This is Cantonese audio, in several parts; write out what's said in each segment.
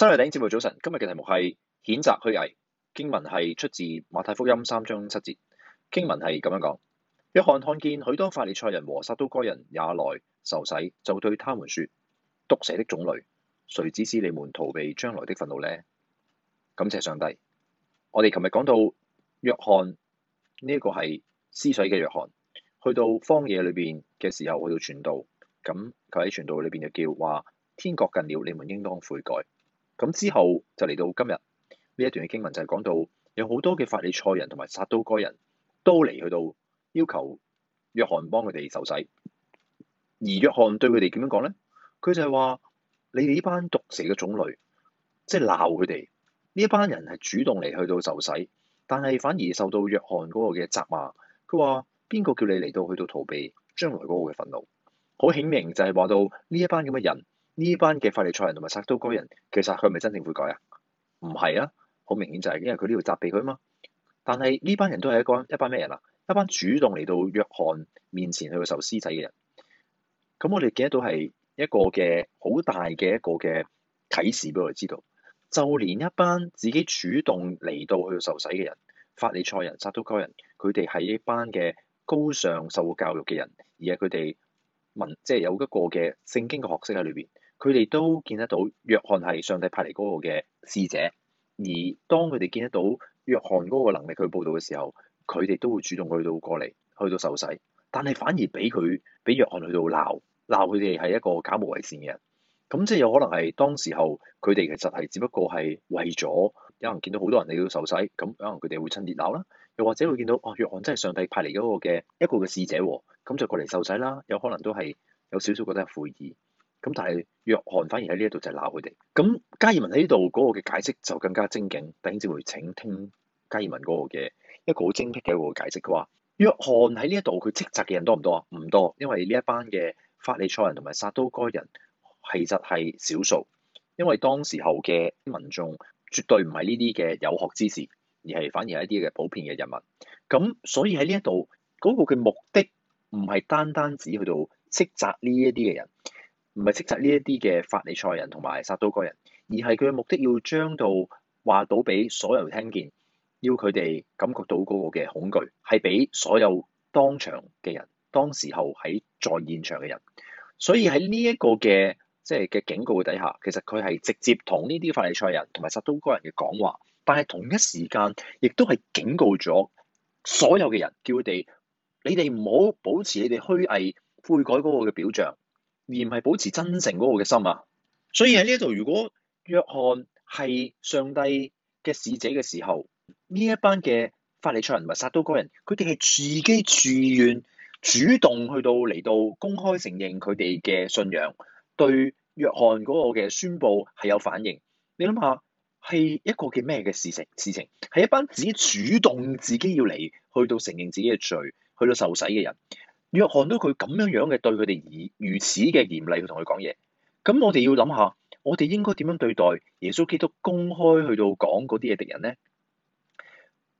新日頂節目早晨，今日嘅題目係譴責虛偽。經文係出自馬太福音三章七節。經文係咁樣講：約翰看見許多法利賽人和撒都該人也來受洗，就對他們說：毒蛇的種類，誰指使你們逃避將來的憤怒呢？感謝上帝。我哋琴日講到約翰呢一、這個係施洗嘅約翰，去到荒野裏邊嘅時候去到傳道，咁佢喺傳道裏邊就叫話：天國近了，你們應當悔改。咁之後就嚟到今日呢一段嘅經文，就係講到有好多嘅法利賽人同埋撒都該人都嚟去到要求約翰幫佢哋受洗，而約翰對佢哋點樣講咧？佢就係話：你哋呢班毒蛇嘅種類，即係鬧佢哋呢一班人係主動嚟去到受洗，但係反而受到約翰嗰個嘅責罵。佢話：邊個叫你嚟到去到逃避將來嗰個嘅憤怒？好顯明就係話到呢一班咁嘅人。呢班嘅法利賽人同埋撒都該人，其實佢係咪真正悔改啊？唔係啊，好明顯就係、是、因為佢呢度責備佢啊嘛。但係呢班人都係一個一班咩人啊？一班主動嚟到約翰面前去受施洗嘅人。咁、嗯、我哋記得到係一個嘅好大嘅一個嘅啟示俾我哋知道，就連一班自己主動嚟到去受洗嘅人，法利賽人、撒都該人，佢哋係一班嘅高尚受過教育嘅人，而係佢哋文即係、就是、有一個嘅聖經嘅學識喺裏邊。佢哋都見得到約翰係上帝派嚟嗰個嘅使者，而當佢哋見得到約翰嗰個能力去報導嘅時候，佢哋都會主動去到過嚟，去到受洗。但係反而俾佢俾約翰去到鬧鬧佢哋係一個假冒為善嘅人，咁即係有可能係當時候佢哋其實係只不過係為咗，有人見到好多人嚟到受洗，咁可能佢哋會趁熱鬧啦。又或者會見到哦、啊，約翰真係上帝派嚟嗰個嘅一個嘅使者，咁就過嚟受洗啦。有可能都係有少少覺得悔意。咁但係約翰反而喺呢一度就係鬧佢哋。咁加爾文喺呢度嗰個嘅解釋就更加精警，弟兄姊妹請聽加爾文嗰個嘅一個好精闢嘅一個解釋。佢話約翰喺呢一度佢斥責嘅人多唔多啊？唔多，因為呢一班嘅法利賽人同埋撒都該人其實係少數，因為當時候嘅民眾絕對唔係呢啲嘅有學之士，而係反而係一啲嘅普遍嘅人民。咁所以喺呢一度嗰個嘅目的唔係單單只去到斥責呢一啲嘅人。唔係斥責呢一啲嘅法利賽人同埋撒都該人，而係佢嘅目的要將到話到俾所有人聽見，要佢哋感覺到嗰個嘅恐懼，係俾所有當場嘅人、當時候喺在現場嘅人。所以喺呢一個嘅即係嘅警告底下，其實佢係直接同呢啲法利賽人同埋撒都該人嘅講話，但係同一時間亦都係警告咗所有嘅人，叫佢哋你哋唔好保持你哋虛偽悔改嗰個嘅表象。而唔係保持真誠嗰個嘅心啊！所以喺呢一度，如果約翰係上帝嘅使者嘅時候，呢一班嘅法利賽人同撒都該人，佢哋係自己自願、主動去到嚟到公開承認佢哋嘅信仰，對約翰嗰個嘅宣佈係有反應。你諗下，係一個叫咩嘅事情？事情係一班自己主動、自己要嚟去到承認自己嘅罪，去到受洗嘅人。約翰都佢咁樣樣嘅對佢哋以如此嘅嚴厲去同佢講嘢，咁我哋要諗下，我哋應該點樣對待耶穌基督公開去到講嗰啲嘅敵人咧？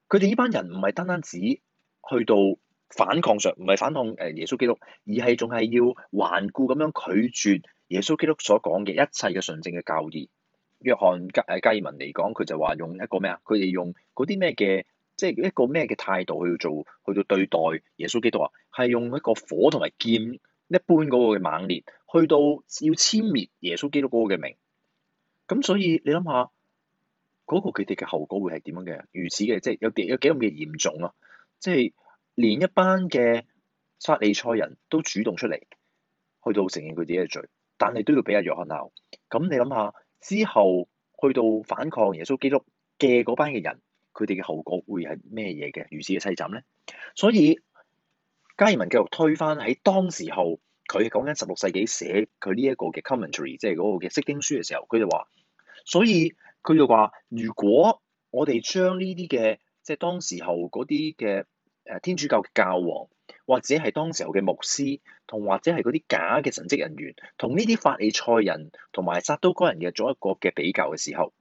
佢哋呢班人唔係單單只去到反抗上，唔係反抗誒耶穌基督，而係仲係要頑固咁樣拒絕耶穌基督所講嘅一切嘅純正嘅教義。約翰加誒加爾文嚟講，佢就話用一個咩啊？佢哋用嗰啲咩嘅？即係一個咩嘅態度去做，去到對待耶穌基督啊，係用一個火同埋劍一般嗰個嘅猛烈，去到要殲滅耶穌基督嗰個嘅名。咁所以你諗下嗰個佢哋嘅後果會係點樣嘅？如此嘅，即係有幾有幾咁嘅嚴重啊！即係連一班嘅撒利賽人都主動出嚟去到承認佢自己嘅罪，但係都要俾阿約翰鬧。咁你諗下之後去到反抗耶穌基督嘅嗰班嘅人。佢哋嘅後果會係咩嘢嘅如此嘅欺詐咧？所以加爾文繼續推翻喺當時候，佢講緊十六世紀寫佢呢一個嘅 commentary，即係嗰個嘅釋經書嘅時候，佢就話：所以佢就話，如果我哋將呢啲嘅即係當時候嗰啲嘅誒天主教嘅教皇，或者係當時候嘅牧師，同或者係嗰啲假嘅神職人員，同呢啲法利賽人同埋撒都該人嘅做一個嘅比較嘅時候，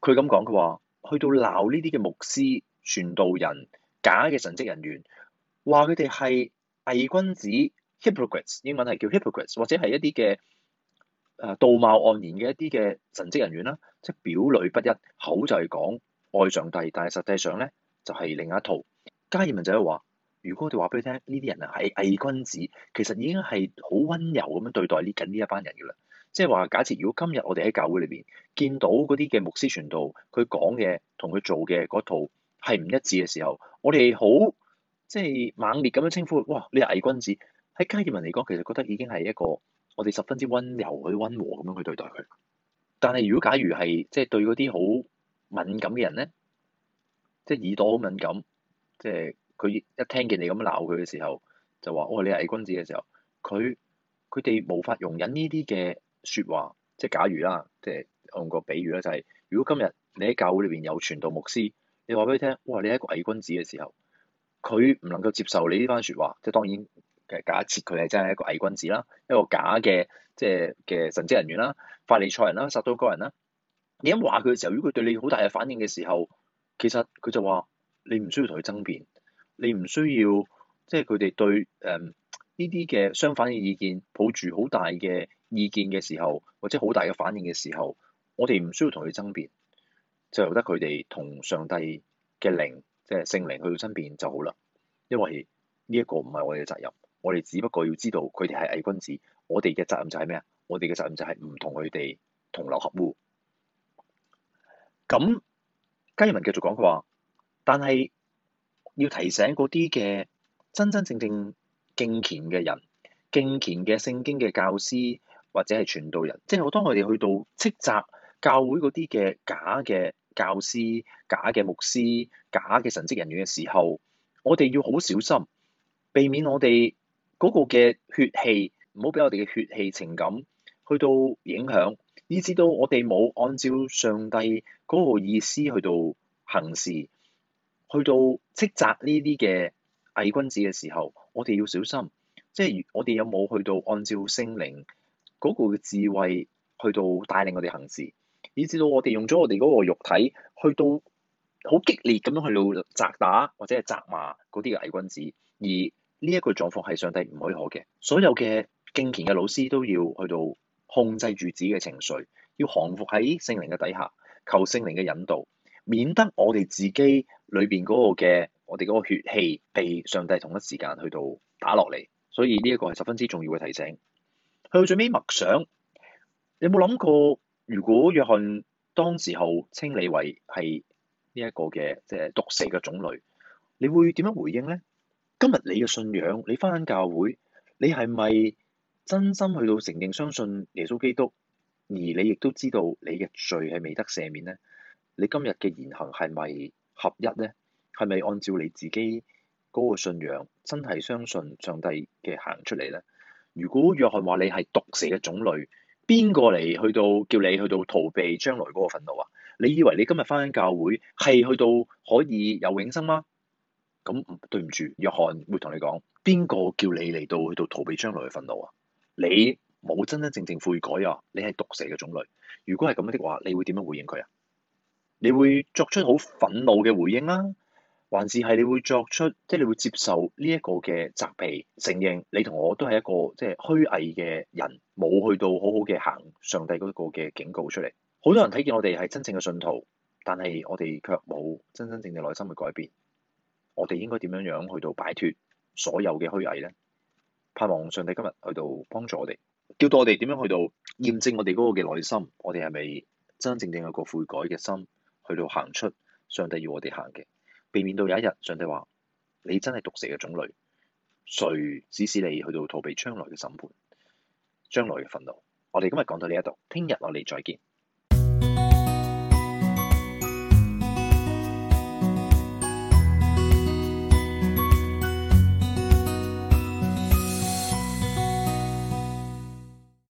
佢咁講，佢話。去到鬧呢啲嘅牧師、傳道人、假嘅神職人員，話佢哋係偽君子 hypocrites 英文係叫 hypocrites 或者係一啲嘅誒道貌岸然嘅一啲嘅神職人員啦，即係表裏不一，口就係講愛上帝，但係實際上咧就係另一套。加爾文就係話：如果我哋話俾你聽，呢啲人啊係偽君子，其實已經係好温柔咁樣對待呢緊呢一班人嘅啦。即係話，假設如果今日我哋喺教會裏邊見到嗰啲嘅牧師傳道，佢講嘅同佢做嘅嗰套係唔一致嘅時候，我哋好即係猛烈咁樣稱呼，哇！你係偽君子喺街業人嚟講，其實覺得已經係一個我哋十分之温柔、去、温和咁樣去對待佢。但係如果假如係即係對嗰啲好敏感嘅人咧，即係耳朵好敏感，即係佢一聽見你咁樣鬧佢嘅時候，就話：哇！你係偽君子嘅時候，佢佢哋無法容忍呢啲嘅。説話，即係假如啦，即係用個比喻咧，就是、就係如果今日你喺教會裏邊有傳道牧師，你話俾佢聽，哇！你係一個偽君子嘅時候，佢唔能夠接受你呢番説話，即係當然嘅假設佢係真係一個偽君子啦，一個假嘅即係嘅神職人員啦、法利賽人啦、撒都該人啦。你一話佢嘅時候，如果佢對你好大嘅反應嘅時候，其實佢就話你唔需要同佢爭辯，你唔需要即係佢哋對誒呢啲嘅相反嘅意見抱住好大嘅意見嘅時候，或者好大嘅反應嘅時候，我哋唔需要同佢爭辯，就由得佢哋同上帝嘅靈，即係聖靈去到爭辯就好啦。因為呢一個唔係我哋嘅責任，我哋只不過要知道佢哋係偽君子。我哋嘅責任就係咩啊？我哋嘅責任就係唔同佢哋同流合污。咁加爾文繼續講佢話，但係要提醒嗰啲嘅真真正正敬虔嘅人、敬虔嘅聖經嘅教師。或者係傳道人，即係我當我哋去到斥責教會嗰啲嘅假嘅教師、假嘅牧師、假嘅神職人員嘅時候，我哋要好小心，避免我哋嗰個嘅血氣唔好俾我哋嘅血氣情感去到影響，以至到我哋冇按照上帝嗰個意思去到行事，去到斥責呢啲嘅偽君子嘅時候，我哋要小心，即係我哋有冇去到按照聖靈，嗰個嘅智慧去到帶領我哋行事，以至到我哋用咗我哋嗰個肉體去到好激烈咁樣去到責打或者係責罵嗰啲嘅偽君子，而呢一個狀況係上帝唔許可嘅。所有嘅敬虔嘅老師都要去到控制住自己嘅情緒，要降服喺聖靈嘅底下，求聖靈嘅引導，免得我哋自己裏邊嗰個嘅我哋嗰個血氣被上帝同一時間去到打落嚟。所以呢一個係十分之重要嘅提醒。去到最尾默想，有冇諗過如果約翰當時候稱你為係呢一個嘅，即係毒蛇嘅種類，你會點樣回應咧？今日你嘅信仰，你翻緊教會，你係咪真心去到承認相信耶穌基督，而你亦都知道你嘅罪係未得赦免咧？你今日嘅言行係咪合一咧？係咪按照你自己嗰個信仰真係相信上帝嘅行出嚟咧？如果約翰話你係毒蛇嘅種類，邊個嚟去到叫你去到逃避將來嗰個憤怒啊？你以為你今日翻緊教會係去到可以有永生嗎？咁對唔住，約翰會同你講，邊個叫你嚟到，到去到逃避將來嘅憤怒啊？你冇真真正正悔改啊！你係毒蛇嘅種類。如果係咁樣的話，你會點樣回應佢啊？你會作出好憤怒嘅回應啦、啊。還是係你會作出，即係你會接受呢一個嘅責備，承認你同我都係一個即係虛偽嘅人，冇去到好好嘅行上帝嗰個嘅警告出嚟。好多人睇見我哋係真正嘅信徒，但係我哋卻冇真真正正內心去改變。我哋應該點樣樣去到擺脫所有嘅虛偽咧？盼望上帝今日去到幫助我哋，叫到我哋點樣去到驗證我哋嗰個嘅內心，我哋係咪真真正正有個悔改嘅心去到行出上帝要我哋行嘅？避免到有一日，上帝話你真係毒蛇嘅種類，誰指使你去到逃避將來嘅審判，將來嘅憤怒？我哋今日講到呢一度，聽日我哋再見。